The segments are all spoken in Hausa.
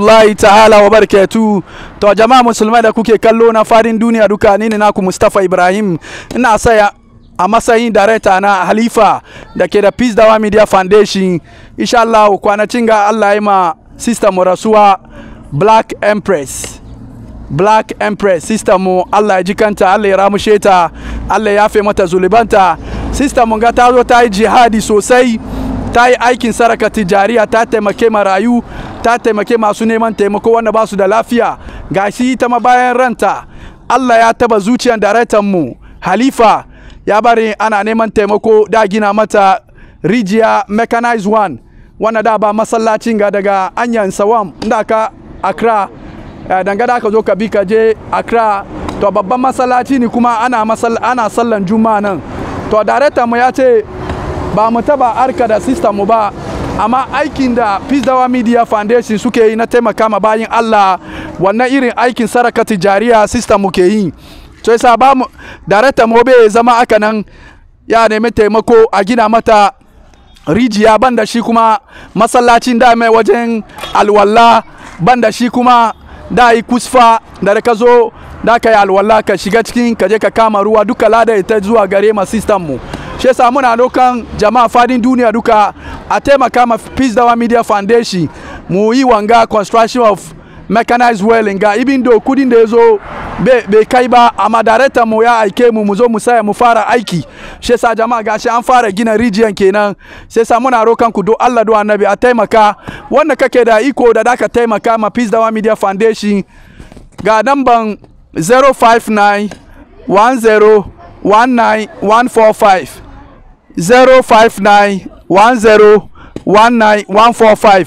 rahmatullahi ta'ala wa barketu to jama'a musulmai da kuke kallo na fadin duniya duka ni ne naku Mustafa Ibrahim ina saya a matsayin dareta na Halifa da ke da Peace Dawa Media Foundation insha Allah kwanacin ga Allah ya ma sister mu rasuwa Black Empress Black Empress sister mu Allah ya jikanta Allah ya ramushe ta Allah ya yafe mata zulubanta sister mu ga ta zo ta yi jihadi sosai ta yi aikin saraka tijariya ta taimake marayu ta taimake masu neman taimako wanda ba su da lafiya ga shi ta bayan ranta Allah ya taba zuciyar daraktan mu Halifa ya bari ana neman taimako da gina mata rijiya mechanized one wanda da ba masallacin ga daga anyan sawam eh, da ka Accra dangada aka zo ka bi ka je akra to babban masallaci ne kuma ana ana sallan juma'a nan to daraktan mu ya ce ba mu taba arka da system mu ba amma aikin da Peace Dawa Media Foundation suke yi na taimaka ma bayin Allah wannan irin aikin saraka tijariya sister muke yi to yasa ba mu darata mobe zama aka nan ya nemi taimako a gina mata rijiya banda shi kuma masallacin da mai wajen alwala banda shi kuma da yi kusfa da ka zo da ka yi alwala ka shiga cikin ka je ka kama ruwa duka lada ita zuwa gare ma sistan mu shi yasa muna dokan jama'a fadin duniya duka a taimaka ma peace dawa media foundation mu yi wanga construction of mechanized welling ga ibin do kudin da ya zo bai kai ba amma darekta mu ya aike mu mu zo mu saya mu fara aiki shi yasa jama'a gashi an fara gina rijiyan kenan sai sa muna rokan ku do Allah do annabi a taimaka wanda kake da iko da daka taimaka ma peace dawa media foundation ga namban 059 10 145 0591019145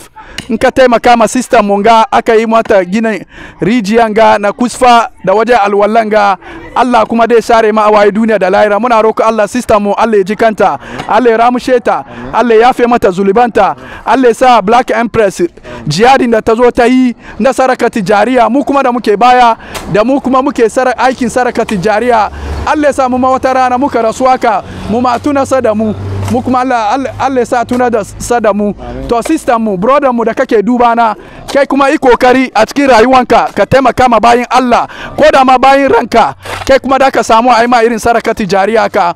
in ka taimaka ma sistan aka yi mata gina rijiyan ga na kusfa da waje alwallan ga Allah kuma dai share ma waye duniya da lahira muna roƙo Allah sistan mu Allah ya ji kanta Allah ya ramushe ta Allah ya yafe mata zulubanta Allah ya sa Black Empress jiyadin da ta zo ta yi na saraka tijariya mu kuma da muke baya da mu kuma muke aikin saraka tijariya Allah ya sa mu ma wata rana muka rasu haka mu ma tuna da mu mu kuma Allah ya sa tuna da sada mu to sister mu brother mu da kake duba na kai kuma yi kokari a cikin rayuwanka ka taimaka ma bayin Allah ko da ma bayin ranka kai kuma da ka samu ai ma irin sarakati tijariya ka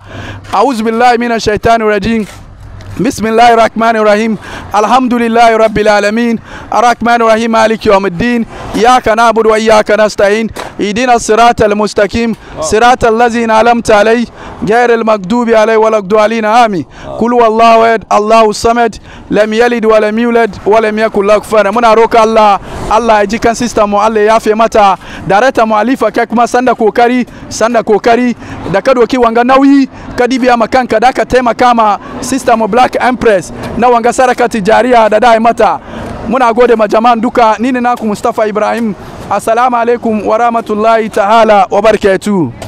a'udhu billahi minash shaitani rajim بسم الله الرحمن الرحيم الحمد لله رب العالمين الرحمن الرحيم مالك يوم الدين إياك نعبد وإياك نستعين اهدنا الصراط المستقيم صراط الذين أنعمت عليه غير المغضوب عليه ولا الضالين آمين قل والله أحد الله الصمد لم يلد ولم يولد ولم يكن له كفوا muna roka Allah Allah ya ji kan sister mu yafe mata darata mu Alifa kai sanda sanda da ka doki wanga nauyi ka dibiya ma kanka da ka taimaka ma sister mu Black Empress na wanga sarakati jariya da dai mata muna gode ma jama'an duka ni ne naku mustafa Ibrahim assalamu alaikum wa rahmatullahi ta'ala wa barketu